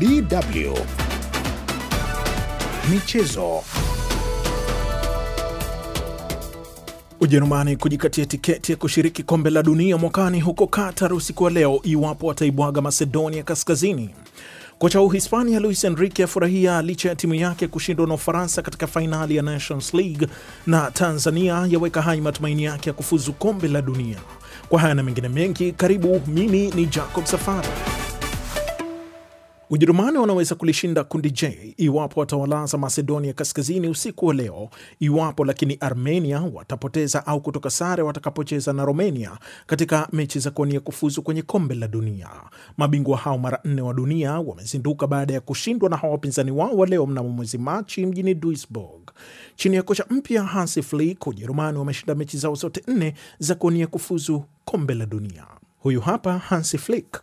DW Michezo. Ujerumani kujikatia tiketi ya kushiriki kombe la dunia mwakani huko Qatar usiku wa leo iwapo wataibwaga Macedonia Kaskazini. Kocha wa Uhispania Luis Enrique afurahia licha ya timu yake kushindwa na Ufaransa katika fainali ya Nations League, na Tanzania yaweka hai matumaini yake ya kufuzu kombe la dunia. Kwa haya na mengine mengi, karibu. Mimi ni Jacob Safari. Ujerumani wanaweza kulishinda kundi J iwapo watawalaza Macedonia Kaskazini usiku wa leo. Iwapo lakini Armenia watapoteza au kutoka sare watakapocheza na Romania katika mechi za kuwania kufuzu kwenye kombe la dunia. Mabingwa hao mara nne wa dunia wamezinduka baada ya kushindwa na hawa wapinzani wao wa leo mnamo mwezi Machi mjini Duisburg. Chini ya kocha mpya Hansi Flick, Ujerumani wameshinda mechi zao zote nne za kuwania kufuzu kombe la dunia. Huyu hapa Hansi Flick.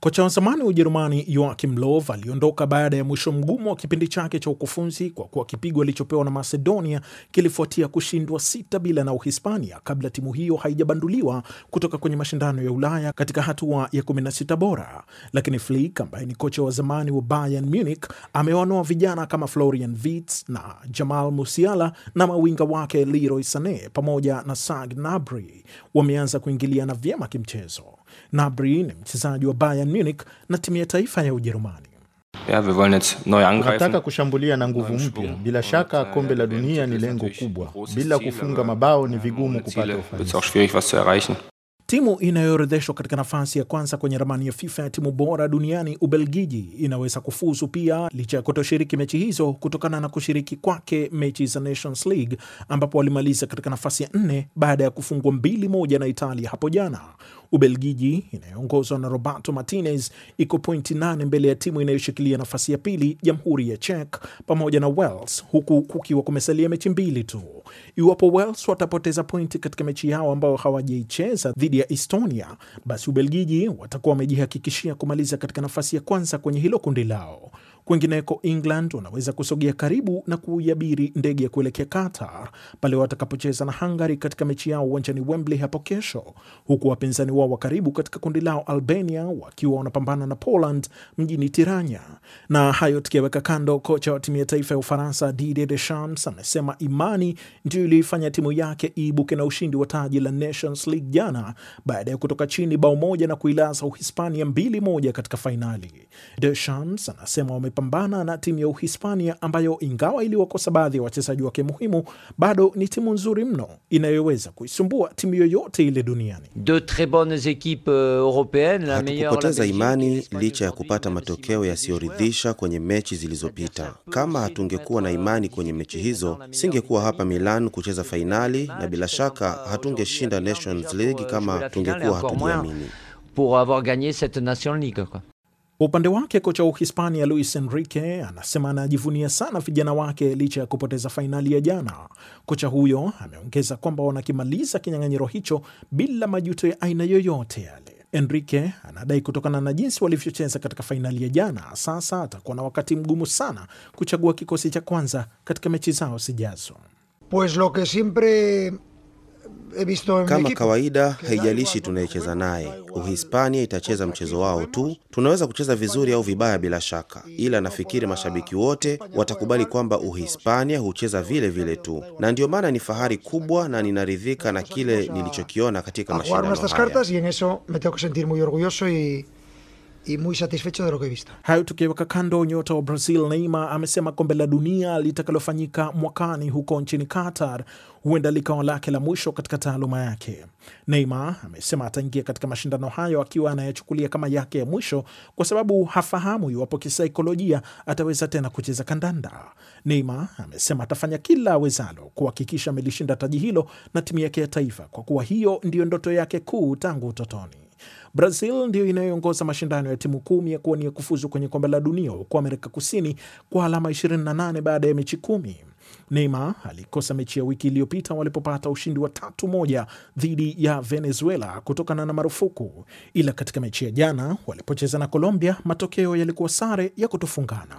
Kocha wa zamani wa Ujerumani Joachim Löw aliondoka baada ya mwisho mgumu wa kipindi chake cha ukufunzi kwa kuwa kipigo alichopewa na Macedonia kilifuatia kushindwa sita bila na Uhispania kabla timu hiyo haijabanduliwa kutoka kwenye mashindano ya Ulaya katika hatua ya 16 bora. Lakini Flick ambaye ni kocha wa zamani wa Bayern Munich amewanoa vijana kama Florian Wirtz na Jamal Musiala na mawinga wake Leroy Sane pamoja na Serge Gnabry wameanza kuingiliana vyema kimchezo. Nabri ni mchezaji wa Bayern Munich na timu ya taifa ya Ujerumani. Tunataka kushambulia na nguvu mpya. Bila shaka, kombe la dunia ni lengo kubwa. Bila kufunga mabao ni vigumu kupata ufanisi. Timu inayoorodheshwa katika nafasi ya kwanza kwenye ramani ya FIFA ya timu bora duniani, Ubelgiji, inaweza kufuzu pia licha ya kutoshiriki mechi hizo kutokana na kushiriki kwake mechi za Nations League, ambapo walimaliza katika nafasi ya nne baada ya kufungwa mbili moja na Italia hapo jana. Ubelgiji inayoongozwa na Roberto Martinez iko pointi nane mbele ya timu inayoshikilia nafasi ya pili, Jamhuri ya Czech pamoja na Wales, huku kukiwa kumesalia mechi mbili tu. Iwapo Wales watapoteza pointi katika mechi yao ambayo hawajaicheza dhidi ya Estonia, basi Ubelgiji watakuwa wamejihakikishia kumaliza katika nafasi ya kwanza kwenye hilo kundi lao. Kwingineko, England wanaweza kusogea karibu na kuiabiri ndege ya kuelekea Qatar pale watakapocheza na Hungary katika mechi yao uwanjani Wembley hapo kesho, huku wapinzani wao wa karibu katika kundi lao Albania wakiwa wanapambana na Poland mjini Tiranya. Na hayo tukiaweka kando, kocha wa timu ya taifa ya Ufaransa Didier Deschamps amesema imani ndiyo iliyoifanya timu yake iibuke na ushindi wa taji la Nations League jana baada ya kutoka chini bao moja na kuilaza Uhispania mbili moja katika fainali. Deschamps anasema wame wanapambana na timu ya Uhispania ambayo ingawa iliwakosa baadhi ya wachezaji wake muhimu, bado ni timu nzuri mno inayoweza kuisumbua timu yoyote ile duniani. De tres bonnes Hatukupoteza imani licha ya kupata matokeo yasiyoridhisha kwenye mechi zilizopita. Kama hatungekuwa na imani kwenye mechi hizo, singekuwa hapa Milan kucheza fainali, na bila shaka hatungeshinda Nations League kama tungekuwa hatujiamini. pour avoir gagné cette Nation League. Kwa upande wake kocha wa Uhispania Luis Enrique anasema anajivunia sana vijana wake licha ya kupoteza fainali ya jana. Kocha huyo ameongeza kwamba wanakimaliza kinyang'anyiro hicho bila majuto ya aina yoyote yale. Enrique anadai kutokana na jinsi walivyocheza katika fainali ya jana, sasa atakuwa na wakati mgumu sana kuchagua kikosi cha kwanza katika mechi zao zijazo. Pues lo que siempre kama kawaida, haijalishi tunayecheza naye. Uhispania itacheza mchezo wao tu. Tunaweza kucheza vizuri au vibaya, bila shaka, ila nafikiri mashabiki wote watakubali kwamba Uhispania hucheza vile vile tu, na ndio maana ni fahari kubwa na ninaridhika na kile nilichokiona katika ah, mashindano haya. Hayo tukiweka kando, nyota wa Brazil Neymar amesema kombe la dunia litakalofanyika mwakani huko nchini Qatar huenda likawa lake la mwisho katika taaluma yake. Neymar amesema ataingia katika mashindano hayo akiwa anayachukulia kama yake ya mwisho, kwa sababu hafahamu iwapo kisaikolojia ataweza tena kucheza kandanda. Neymar amesema atafanya kila awezalo kuhakikisha amelishinda taji hilo na timu yake ya taifa, kwa kuwa hiyo ndiyo ndoto yake kuu tangu utotoni. Brazil ndiyo inayoongoza mashindano ya timu kumi ya kuwania kufuzu kwenye kombe la dunia huko Amerika Kusini kwa alama 28 baada ya mechi kumi. Neymar alikosa mechi ya wiki iliyopita walipopata ushindi wa tatu moja dhidi ya Venezuela kutokana na marufuku, ila katika mechi ya jana walipocheza na Colombia matokeo yalikuwa sare ya kutofungana.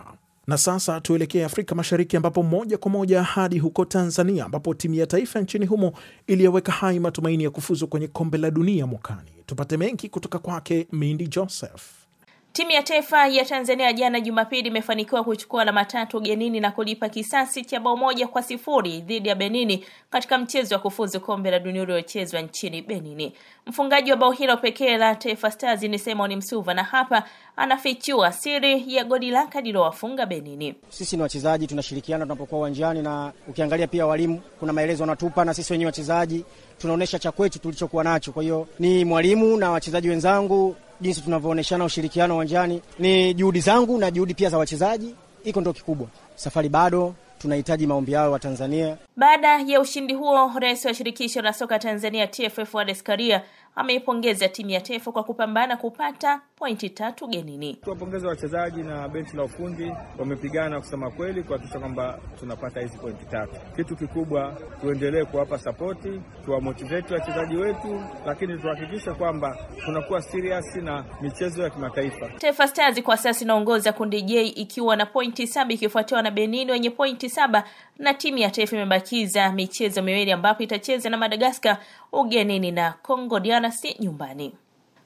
Na sasa tuelekee Afrika Mashariki, ambapo moja kwa moja hadi huko Tanzania, ambapo timu ya taifa nchini humo iliyoweka hai matumaini ya kufuzu kwenye kombe la dunia mwakani. Tupate mengi kutoka kwake Mindi Joseph. Timu ya taifa ya Tanzania jana Jumapili imefanikiwa kuchukua alama tatu ugenini na kulipa kisasi cha bao moja kwa sifuri dhidi ya Benini katika mchezo wa kufuzu kombe la dunia uliochezwa nchini Benini. Mfungaji wa bao hilo pekee la Taifa Stars ni Simon Msuva, na hapa anafichua siri ya goli lake lilowafunga Benini. Sisi ni wachezaji, tunashirikiana tunapokuwa uwanjani, na ukiangalia pia walimu, kuna maelezo wanatupa, na sisi wenyewe wachezaji tunaonyesha cha kwetu tulichokuwa nacho. Kwa hiyo ni mwalimu na wachezaji wenzangu jinsi tunavyoonyeshana ushirikiano uwanjani ni juhudi zangu na juhudi pia za wachezaji, iko ndo kikubwa. Safari bado tunahitaji maombi yao wa Tanzania. Baada ya ushindi huo, rais wa shirikisho la soka Tanzania TFF Wallace Karia ameipongeza timu ya taifa kwa kupambana kupata pointi tatu genini. Tuwapongeze wachezaji na benchi la ufundi, wamepigana kusema kweli kuhakikisha kwamba tunapata hizi pointi tatu. Kitu kikubwa tuendelee kuwapa sapoti, tuwamotiveti wachezaji wetu, lakini tuhakikishe kwamba tunakuwa serious na michezo ya kimataifa. Taifa Stars kwa sasa inaongoza kundi J ikiwa na pointi saba ikifuatiwa na Benin wenye pointi saba na timu ya taifa imebakiza michezo miwili ambapo itacheza na Madagaskar ugenini na Congo Diana na si nyumbani.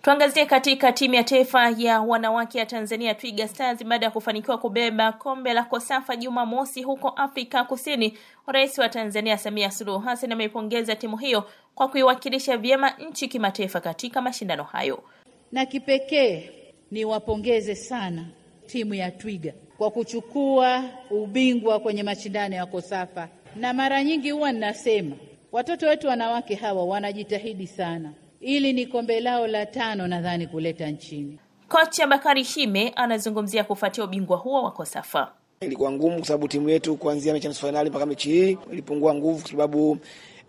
Tuangazie katika timu ya taifa ya wanawake ya Tanzania Twiga Stars baada ya kufanikiwa kubeba kombe la Kosafa Jumamosi huko Afrika Kusini. Rais wa Tanzania Samia Suluhu Hassan ameipongeza timu hiyo kwa kuiwakilisha vyema nchi kimataifa katika mashindano hayo. Na kipekee niwapongeze sana timu ya Twiga kwa kuchukua ubingwa kwenye mashindano ya Kosafa, na mara nyingi huwa ninasema watoto wetu wanawake hawa wanajitahidi sana ili ni kombe lao la tano nadhani kuleta nchini. Kocha Bakari Shime anazungumzia kufuatia ubingwa huo wa Kosafa. Ilikuwa ngumu kwa sababu timu yetu kuanzia mechi ya nusu fainali mpaka mechi hii ilipungua nguvu kwa sababu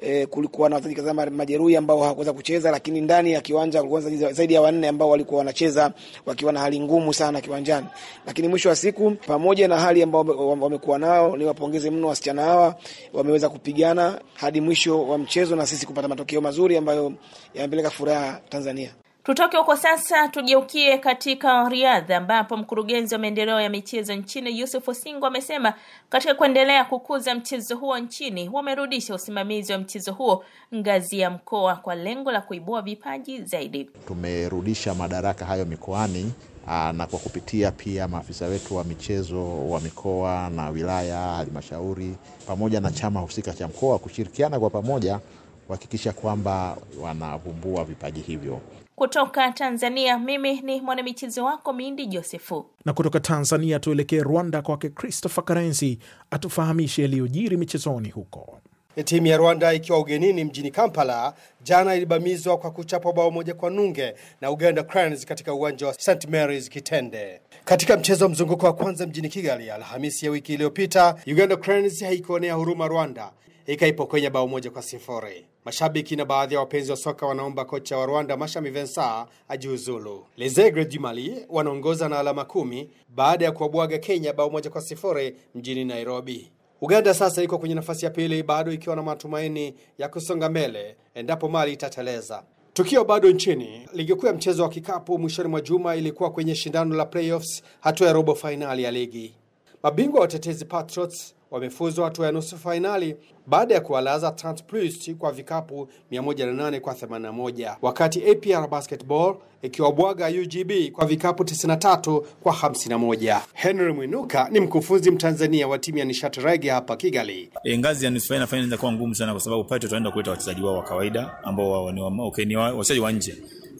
E, kulikuwa na wachezaji kadhaa majeruhi ambao hawakuweza kucheza, lakini ndani ya kiwanja kulikuwa zaidi ya wanne ambao walikuwa wanacheza wakiwa na hali ngumu sana kiwanjani. Lakini mwisho wa siku, pamoja na hali ambao wamekuwa nao, ni wapongeze mno wasichana hawa, wameweza kupigana hadi mwisho wa mchezo na sisi kupata matokeo mazuri ambayo yamepeleka furaha Tanzania. Tutoke huko sasa tugeukie katika riadha ambapo mkurugenzi wa maendeleo ya michezo nchini Yusuf Osingo amesema katika kuendelea kukuza mchezo huo nchini wamerudisha usimamizi wa mchezo huo ngazi ya mkoa kwa lengo la kuibua vipaji zaidi. Tumerudisha madaraka hayo mikoani ah, na kwa kupitia pia maafisa wetu wa michezo wa mikoa na wilaya, halmashauri pamoja na chama husika cha mkoa kushirikiana kwa pamoja kuhakikisha kwamba wanavumbua vipaji hivyo. Kutoka Tanzania, mimi ni mwanamichezo wako Mindi Josefu. Na kutoka Tanzania tuelekee Rwanda, kwake Christopher Karenzi atufahamishe yaliyojiri michezoni huko. E, timu ya Rwanda ikiwa ugenini mjini Kampala jana ilibamizwa kwa kuchapwa bao moja kwa nunge na Uganda Cranes katika uwanja wa St Mary's Kitende katika mchezo wa mzunguko wa kwanza mjini Kigali Alhamisi ya wiki iliyopita. Uganda Cranes haikuonea huruma Rwanda ikaipo kwenye bao moja kwa sifuri. Mashabiki na baadhi ya wapenzi wa soka wanaomba kocha wa Rwanda Mashami Vensa ajiuzulu. Lesegre du Mali wanaongoza na alama kumi baada ya kuwabwaga Kenya bao moja kwa sifuri mjini Nairobi. Uganda sasa iko kwenye nafasi ya pili bado ikiwa na matumaini ya kusonga mbele endapo Mali itateleza. Tukio bado nchini. Ligi kuu ya mchezo wa kikapu mwishoni mwa juma ilikuwa kwenye shindano la playoffs hatua ya robo fainali ya ligi. Mabingwa watetezi Patriots wamefuzu hatua ya nusu fainali baada ya kuwalaza Tant Plus kwa vikapu 108 kwa 81, wakati APR Basketball ikiwabwaga UGB kwa vikapu 93 kwa 51. Henry Mwinuka ni mkufunzi Mtanzania wa timu ya Nishati Rege hapa Kigali. E, ngazi ya nusu fainali inakuwa ngumu sana, kwa sababu pale tutaenda kuleta wachezaji wao wa kawaida ambao ni wa, okay, ni wachezaji wa nje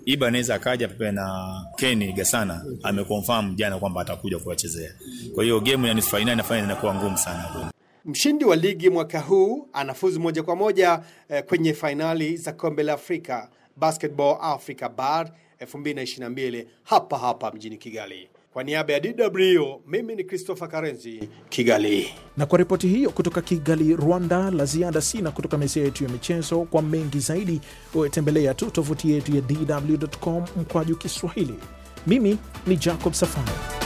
Iba anaweza akaja pepe na keni Gasana ameconfirm jana kwamba atakuja kuwachezea. Kwa hiyo game ya nusu fainali inakuwa ngumu sana. Mshindi wa ligi mwaka huu anafuzu moja kwa moja eh, kwenye fainali za kombe la Afrika Basketball Africa BAR 2022 hapa hapa mjini Kigali. Kwa niaba ya DW mimi ni Christopher Karenzi, Kigali. Na kwa ripoti hiyo kutoka Kigali, Rwanda, la ziada sina kutoka meza yetu ya michezo. Kwa mengi zaidi, tembelea tu tovuti yetu ya dw.com mkwaju Kiswahili. Mimi ni Jacob Safari.